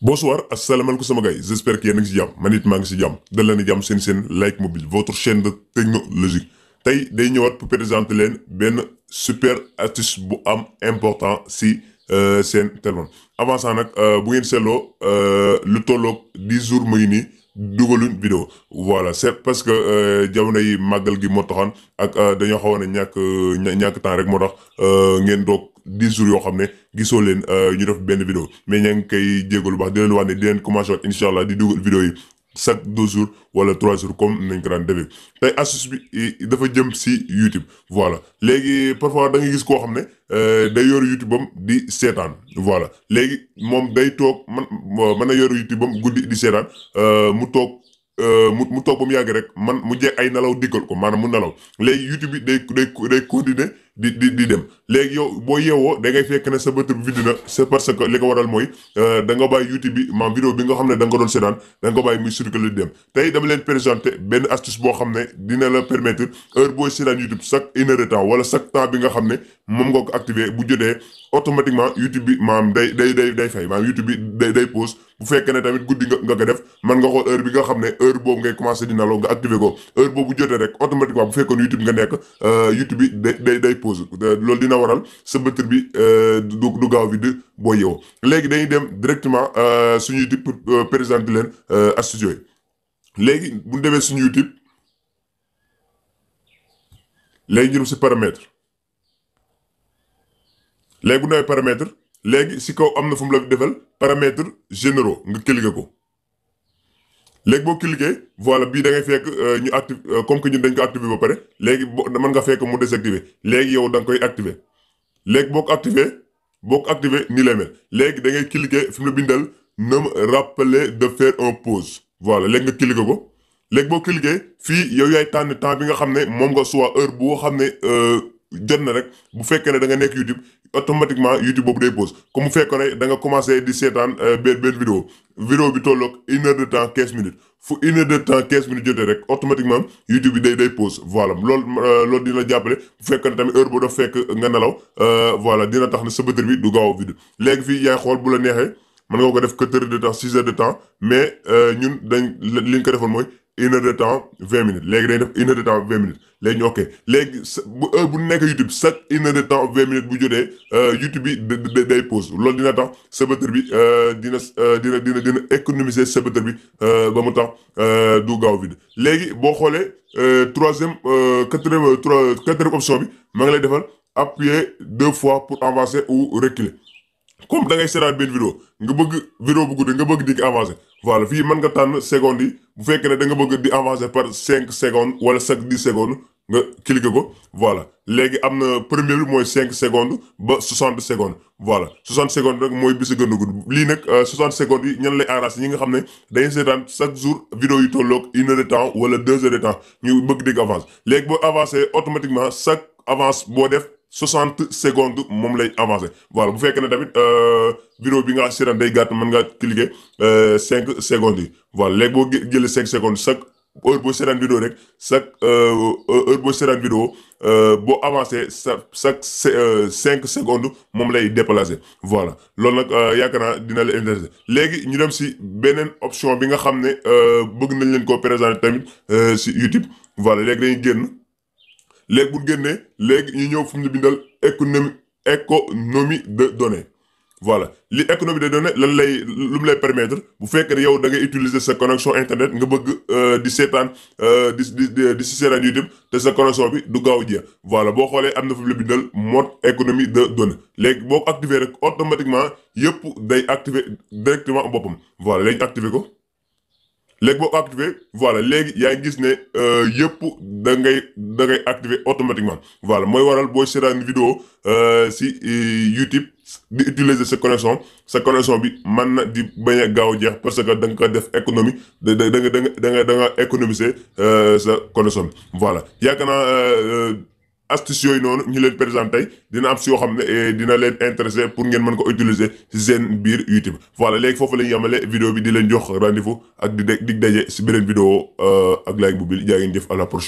Bonsoir asalaamaaleykum sama gars yi j'espère que yéen a ngi si jàmm man it maa ngi si jàmm dal leen jàmm seen seen Like Mobile votre chaîne de technologie tey day ñëwaat pour présenter leen benn super astuce bu am important si euh, seen téléphone avant ça nag euh, bu ngeen seetloo euh, lu tolloog dix jours mu ngi nii dugaluñ vidéo voilà c'est parce que jamono yi màggal gi moo taxoon ak dañoo xawoon a ñàkk ñàkk temps rek moo tax ngeen doog dix jours yoo xam ne gisoo leen euh, ñu def benn vidéo mais ña ngi koy jégalu baax di leen wax ne di leen commencé waat incha allah di dugal vidéo yi chaque deux jours wala trois jours comme nañ ko daan defee tey astuce bi dafa jëm si YouTube voilà léegi parfois da nga gis koo xam ne euh, day yor YouTube am di seetaan voilà léegi moom day toog man euh, mën a yor YouTube am guddi di seetaan mu toog mu mu toog ba mu yàgg rek man mu jeex ay nalaw dikkal ko maanaam mu nalaw léegi YouTube bi day day day di dem léegi yow boo yeewoo da ngay fekk ne sa bët bi vide na parce que li waral mooy euh, da bàyyi YouTube bi maam vidéo bi nga xam ne bu jotee automatiquement YouTube bi maam day day day day fay maam YouTube bi day day bu fekkee ne tamit guddi nga nga def man nga xool heure bi nga xam ne heure boobu ngay commencer di nalaw nga activer ko heure boobu jotee rek automatiquement bu fekkoon YouTube nga nekk euh, pause euh, loolu dina waral sa bëtër bi euh, du du gaaw bi boo yeewoo léegi dañuy dem directement euh, suñu YouTube pour bi leen astuce léegi bu ñu demee suñu YouTube léegi ñu dem si paramètre léegi bu ñu demee léegi si kaw am na fu mu la defal paramètre généraux nga cliquer ko. léegi boo cliquer voilà bii da ngay fekk euh, ñu active euh, comme que ñun dañ ko activer ba pare léegi mën nga fekk mu désactiver léegi yow da nga koy activer léegi boo ko activer boo ko activer nii lay mel léegi da ngay cliquer fi mu la bindal na ma rappeler de faire un pause voilà léegi nga cliquer ko léegi boo cliquer fii yow yaay tànn temps bi nga xam ne moom nga soit heure boo xam ne euh, jot na rek bu fekkee ne da nga nekk YouTube automatiquement YouTube boobu day pause comme bu fekkee ne da nga commencé di seetaan euh, benn benn vidéo vidéo bi tolloog une heure de temps quinze minutes fu une heure de temps quinze minutes jotee rek automatiquement YouTube bi day day pause voilà loolu euh, dina jàppale bu fekk ne tamit heure boo daf fekk nga nelaw euh, voilà dina tax ne sa batterie bi du gaaw a vide léegi fii yaay xool bu la neexee mën nga ko def quatre heures de de temps mais ñun dañ li ñu ko defoon mooy une heure de temps vingt minutes léegi day def une heure de temps vingt minutes léegi ñu ok léegi bu heure bu nekk YouTube chaque une heure de temps vingt minutes bu jotee euh, YouTube bi day pause loolu dina tax sabateur bi euh, dina euh, dina dina dina économiser sabateur bi ba mu tax du gaaw vide léegi boo xoolee troisième quatrième trois quatrième option bi maa ngi lay defal appuyer deux fois pour avancer ou reculer comme da ngay seetaan benn vidéo nga bëgg vidéo bu gudd nga bëgg di avancer voilà fii mën nga tànn seconde yi bu fekkee ne da nga bëgg di avancer par cinq secondes wala chaque dix secondes nga cliquer ko voilà léegi am na premier bi mooy cinq secondes ba soixante secondes voilà soixante secondes rek mooy bi si gën a gudd lii nag euh, soixante secondes yi ñan lay enragé ñi nga xam ne dañuy seetaan chaque jour vidéo yu tolloog une de temps wala deux heures de temps ñu bëgg dégg avance léegi boo avancé automatiquement chaque avance boo def soixante secondes moom lay avancé voilà bu fekkee ne tamit vidéo euh, bi nga seetaan day gàtt mën nga cliquer euh, cinq secondes yi voilà léegi boo jëlee cinq secondes chaque heure boo seetaan vidéo rek chaque euh, heure boo seetaan vidéo boo avancé sa chaque cinq secondes moom lay déplacé voilà loolu nag yaakaar naa dina la intéressé léegi ñu dem si beneen option bi nga xam ne bëgg nañ leen koo présenter tamit si YouTube voilà léegi dañuy génn léegi bu génnee léegi ñu ñëw fu mu bindal économie économie de données voilà li économie de données lan lay lu mu lay permettre bu fekkee yow da ngay utiliser sa connexion internet nga bëgg euh, di seetaan euh, di di di si seetaan YouTube te sa connexion bi du gaaw jeex voilà boo xoolee am na fu mu la bindal mode économie de données léegi boo ko activer rek automatiquement yëpp day activer directement boppam voilà léegi activer ko. léegi boo ko activé voilà léegi yaa gis ne euh, yëpp da ngay da ngay activé automatiquement voilà mooy waral boo seetaan vidéo euh, si euh, YouTube di utiliser sa connexion sa connexion bi man na di bañ gaaw jeex parce que da nga ko def économie da da nga da nga da nga économiser sa connexion bi voilà yaakaar naa astuce yooyu noonu ñu leen présenté dina am si yoo xam ne eh, dina leen intéressé pour ngeen mën ko utiliser si seen biir YouTube voilà léegi foofu la yamale yemale vidéo bi di leen jox rendez-vous ak di dig daje si beneen vidéo euh, ak like bu bi jaa ngeen jëf à la prochaine